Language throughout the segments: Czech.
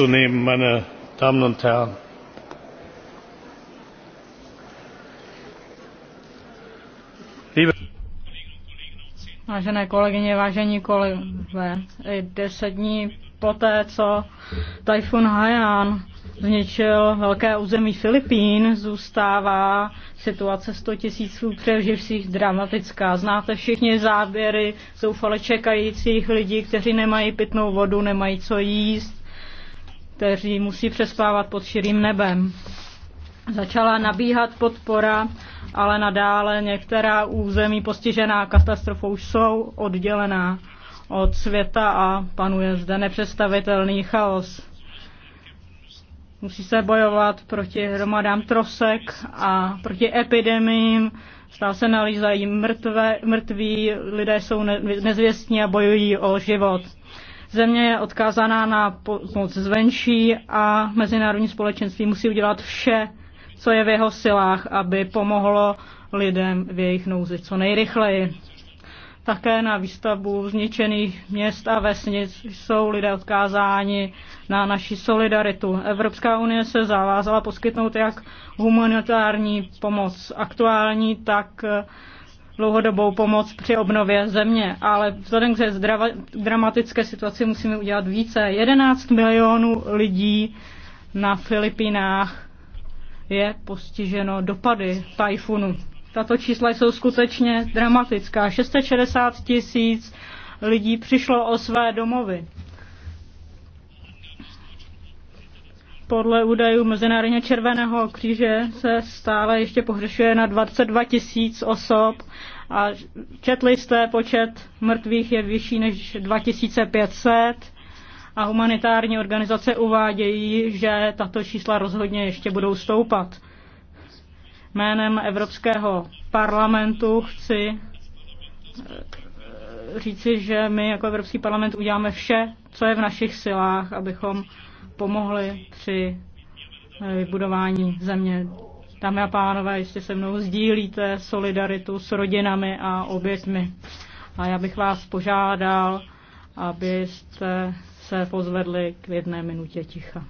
zu nehmen meine damen und herren! Vážené kolegyně, vážení kolegové, deset dní poté, co tajfun Haiyan zničil velké území Filipín, zůstává situace 100 tisíců přeživších dramatická. Znáte všichni záběry zoufale čekajících lidí, kteří nemají pitnou vodu, nemají co jíst, kteří musí přespávat pod širým nebem. Začala nabíhat podpora, ale nadále některá území postižená katastrofou jsou oddělená od světa a panuje zde nepředstavitelný chaos. Musí se bojovat proti hromadám trosek a proti epidemiím. Stále se nalízají mrtvé, mrtví, lidé jsou ne, nezvěstní a bojují o život. Země je odkázaná na pomoc zvenčí a mezinárodní společenství musí udělat vše, co je v jeho silách, aby pomohlo lidem v jejich nouzi co nejrychleji. Také na výstavbu zničených měst a vesnic jsou lidé odkázáni na naši solidaritu. Evropská unie se zavázala poskytnout jak humanitární pomoc aktuální, tak dlouhodobou pomoc při obnově země, ale vzhledem k zdrava, dramatické situaci musíme udělat více. 11 milionů lidí na Filipínách je postiženo dopady tajfunu. Tato čísla jsou skutečně dramatická. 660 tisíc lidí přišlo o své domovy. Podle údajů Mezinárodně Červeného kříže se stále ještě pohřešuje na 22 tisíc osob a četli jste, počet mrtvých je vyšší než 2500 a humanitární organizace uvádějí, že tato čísla rozhodně ještě budou stoupat. Jménem Evropského parlamentu chci eh, říci, že my jako Evropský parlament uděláme vše, co je v našich silách, abychom pomohli při eh, vybudování země. Dámy a pánové, ještě se mnou sdílíte solidaritu s rodinami a obětmi. A já bych vás požádal, abyste se pozvedli k jedné minutě ticha.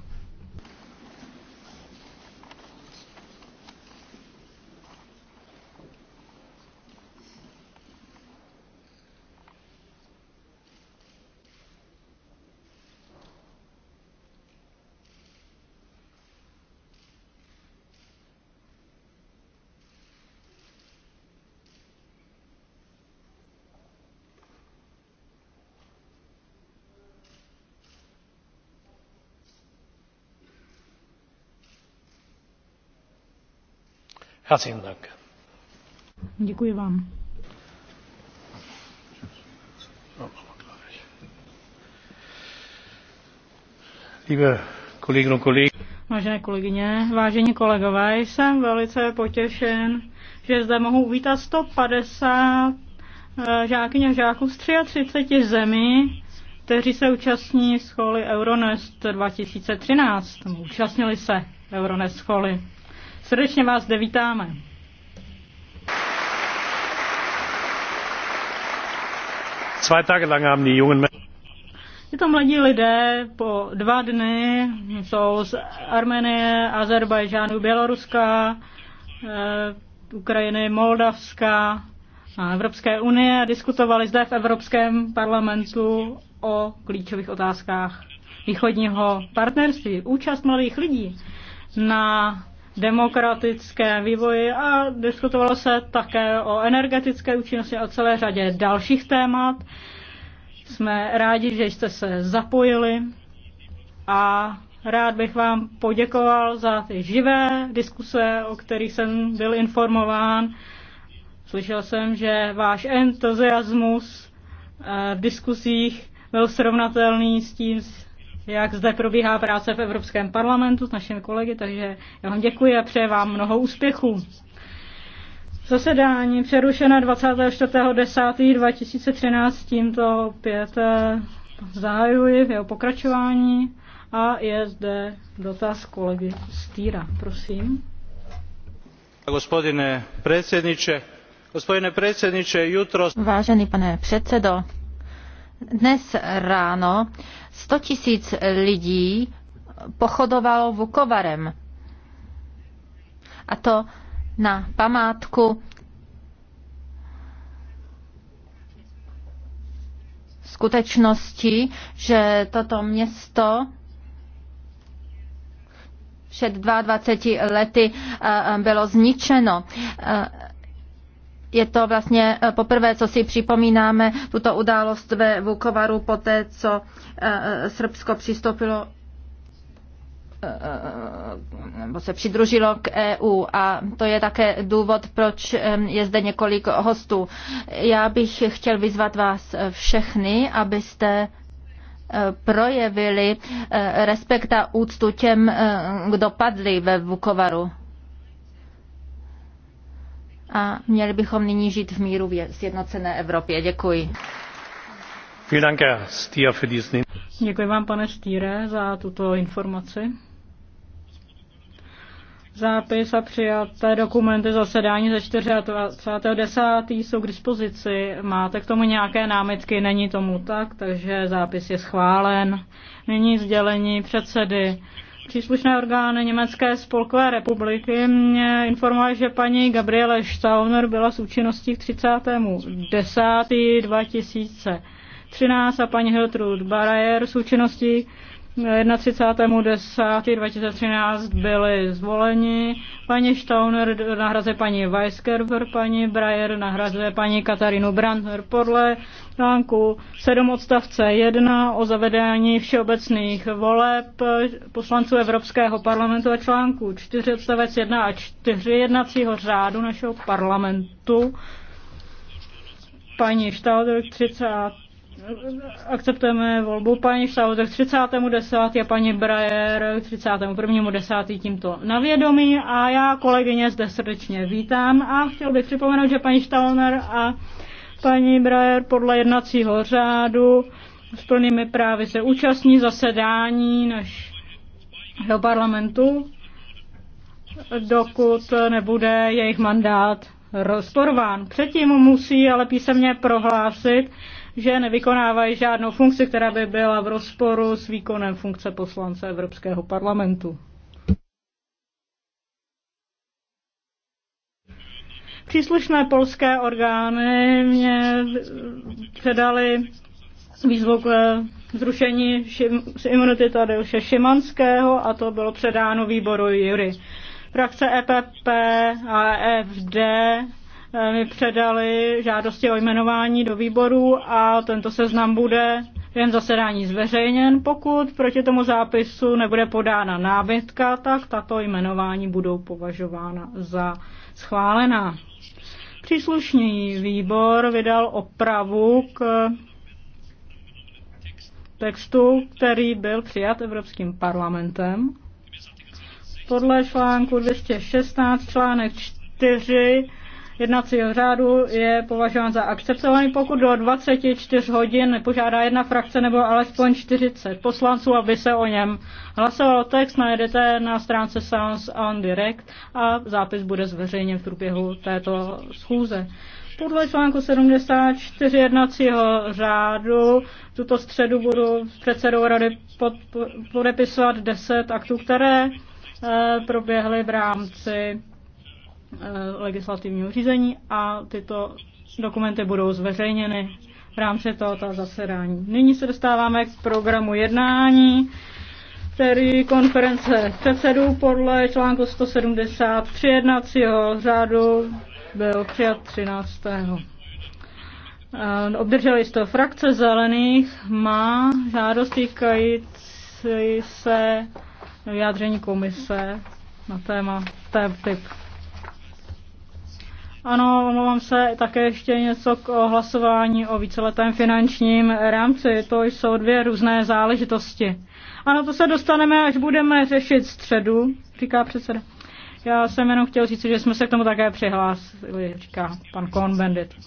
Herzlichen Dank. Děkuji vám. Liebe Kolleginnen und Kollegen, Vážené kolegyně, vážení kolegové, jsem velice potěšen, že zde mohu uvítat 150 eh, žákyň a žáků z 33 zemí, kteří se účastní scholy Euronest 2013. Účastnili se Euronest scholy. Srdečně vás zde vítáme. Zwei Tage lang haben die jungen mladí lidé, po dva dny jsou z Armenie, Azerbajžánu, Běloruska, eh, Ukrajiny, Moldavska a Evropské unie a diskutovali zde v Evropském parlamentu o klíčových otázkách východního partnerství. Účast mladých lidí na demokratickém vývoji a diskutovalo se také o energetické účinnosti a celé řadě dalších témat. Jsme rádi, že jste se zapojili a rád bych vám poděkoval za ty živé diskuse, o kterých jsem byl informován. Slyšel jsem, že váš entuziasmus eh, v diskusích byl srovnatelný s tím, jak zde probíhá práce v Evropském parlamentu s našimi kolegy, takže já vám děkuji a přeji vám mnoho úspěchů. Zasedání přerušené 24.10.2013 tímto pět eh, zahajuji v jeho pokračování a je zde dotaz kolegy Stýra. Prosím. Gospodine predsjedniče, gospodine predsjedniče, jutro... Vážený pane předsedo, dnes ráno 100 tisíc lidí pochodovalo Vukovarem. A to na památku skutečnosti, že toto město před 22 lety eh, eh, bylo zničeno. Eh, je to vlastně eh, poprvé, co si připomínáme tuto událost ve Vukovaru po té, co eh, eh, Srbsko přistoupilo nebo se přidružilo k EU a to je také důvod, proč je zde několik hostů. Já bych chtěl vyzvat vás všechny, abyste projevili respekt a úctu těm, kdo padli ve Vukovaru a měli bychom nyní žít v míru v sjednocené Evropě. Děkuji. Děkuji vám, pane Stýre, za tuto informaci. Zápis a přijaté dokumenty zasedání ze 24.10. jsou k dispozici. Máte k tomu nějaké námitky? Není tomu tak, takže zápis je schválen. Nyní sdělení předsedy. Příslušné orgány Německé spolkové republiky mě informovali, že paní Gabriele Stauner byla s účinností k 2013 a paní Hiltrud Barajer s účinností 31.10.2013 byli zvoleni. Paní Stauner nahrazuje paní Weiskerber, paní Breyer nahrazuje paní Katarínu Brandner podle článku 7 odstavce 1 o zavedání všeobecných voleb poslanců Evropského parlamentu a článku 4 odstavec 1 a 4 jednacího řádu našeho parlamentu. Paní Stauner 30 akceptujeme volbu paní Šlaudr 30.10. a paní Brajer 31.10. tímto na vědomí a já kolegyně zde srdečně vítám a chtěl bych připomenout, že paní Štalner a paní Brajer podle jednacího řádu s plnými právy se účastní zasedání našeho parlamentu, dokud nebude jejich mandát rozporván. Předtím musí ale písemně prohlásit, že nevykonávají žádnou funkci, která by byla v rozporu s výkonem funkce poslance Evropského parlamentu. Příslušné polské orgány mě předali výzvu k eh, zrušení šim, imunity Tadeuše Šimanského a to bylo předáno výboru Jury. Frakce EPP a EFD Eh, mi předali žádosti o jmenování do výboru a tento seznam bude jen zasedání zveřejněn. Pokud proti tomu zápisu nebude podána námitka, tak tato jmenování budou považována za schválená. Příslušný výbor vydal opravu k textu, který byl přijat Evropským parlamentem. Podle článku 216 článek 4 jednacího řádu je považován za akceptovaný, pokud do 24 hodin nepožádá jedna frakce nebo alespoň 40 poslanců, aby se o něm hlasovalo. Text najdete na stránce Sounds on Direct a zápis bude zveřejněn v průběhu této schůze. Podle článku 74 jednacího řádu tuto středu budu předsedou rady pod, podepisovat 10 aktů, které eh, proběhly v rámci Eh, legislativního řízení a tyto dokumenty budou zveřejněny v rámci tohoto zasedání. Nyní se dostáváme k programu jednání, který konference předsedů podle článku 173 jednacího řádu byl přijat 13. Eh, obdrželi jste frakce zelených, má žádost týkající se vyjádření komise na téma TIP. Ano, omlouvám se také ještě něco k hlasování o víceletém finančním rámci. To jsou dvě různé záležitosti. Ano, to se dostaneme, až budeme řešit středu, říká předseda. Já jsem jenom chtěl říct, že jsme se k tomu také přihlásili, říká pan Kohn-Bendit.